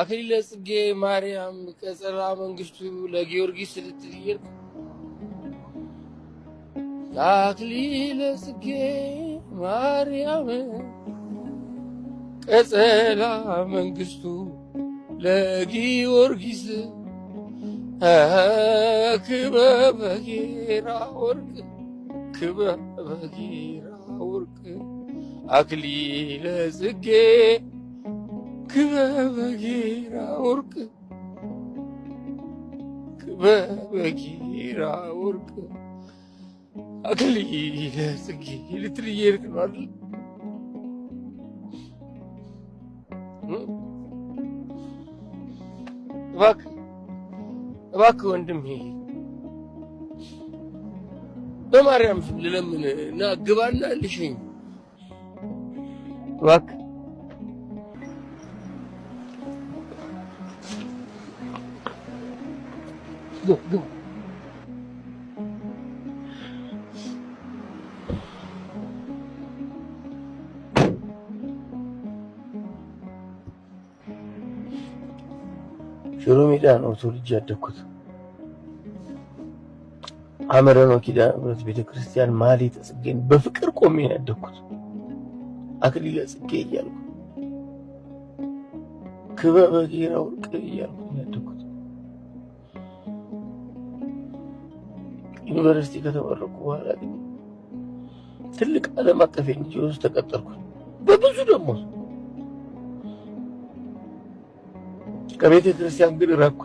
አክሊለ ጽጌ ማርያም ቀጸላ መንግስቱ ለጊዮርጊስ ስትል እየሄድኩ አክሊለ ጽጌ ማርያም ቀጸላ መንግስቱ ለጊዮርጊስ ክበበጌራ ወርቅ ክበበጌራ ወርቅ አክሊለ ጽጌ ክበበጌራ ወርቅ ክበበጌራ ወርቅ አክሊለ ጽጌ ልትልዬ ልክ ነው አይደል? እባክህ እባክህ ወንድሜ በማርያም ስም ልለምን እና ግባና ልሸኝ እባክህ ሽሮ ሜዳ ነው ተወልጄ ያደግኩት። አመረ ነው ኪዳነ ምሕረት ቤተክርስቲያን ማህሌተ ጽጌን በፍቅር ቆሜ ነው ያደግኩት። አክሊለ ጽጌ እያልኩ ክበበ ጌራ ወርቅ እያልኩ ነው ያደግኩት። ዩኒቨርሲቲ ከተመረቁ በኋላ ግን ትልቅ ዓለም አቀፍ ኤንጂኦ ውስጥ ተቀጠርኩ። በብዙ ደግሞ ከቤተ ክርስቲያን ግን ራኩ።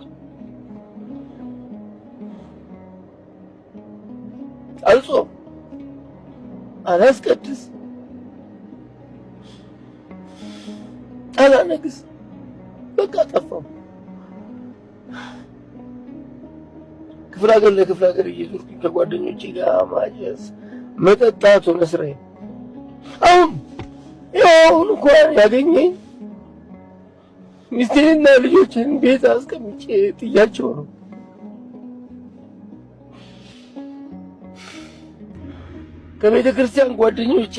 አልጾም፣ አላስቀድስ፣ አላነግስ፣ በቃ ጠፋው። ክፍለ ሀገር ለክፍለ ሀገር እየዞርኩ ከጓደኞቼ ጋር ማጨስ መጠጣት ሆነ ስራዬ። አሁን ያው አሁን እኮ ያገኘኝ ሚስቴንና ልጆችን ቤት አስቀምጬ ጥያቸው ነው። ከቤተ ክርስቲያን ጓደኞቼ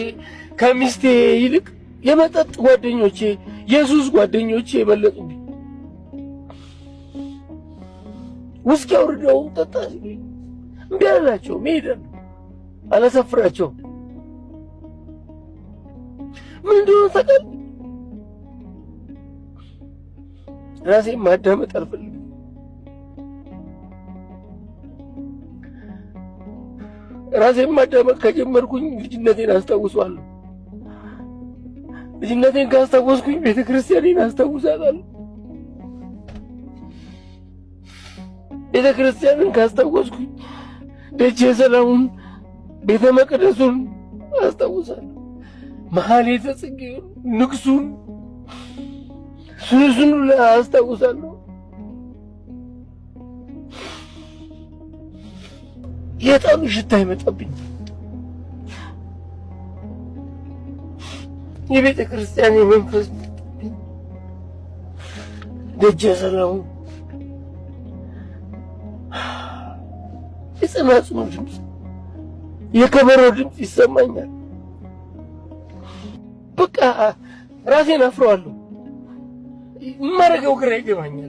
ከሚስቴ ይልቅ የመጠጥ ጓደኞቼ፣ የሱስ ጓደኞቼ የበለጡብኝ። ውስኪ አውርደውም ጠጣ። እምቢ አላቸው። ሜዳ አላሰፍራቸው። ምን እንደሆነ ተቀል ራሴን ማዳመጥ አልፈልግም። ራሴን ማዳመጥ ከጀመርኩኝ ልጅነቴን አስታውሷለሁ። ልጅነቴን ካስታወስኩኝ ቤተክርስቲያኔን አስታውሳታለሁ። ቤተ ክርስቲያንን ካስታወስኩኝ ደጀ ሰላሙን ቤተ መቅደሱን አስታውሳለሁ። መሐሌተ ጽጌውን፣ ንግሱን፣ ሱሱኑ ላይ አስታውሳለሁ። የጣኑ ሽታ ይመጣብኝ። የቤተ ክርስቲያን የመንፈስ ደጀ ሰላሙ የጸናጽሉ ድምፅ፣ የከበሮ ድምፅ ይሰማኛል። በቃ ራሴን አፍረዋለሁ። የማደርገው ግራ ይገባኛል።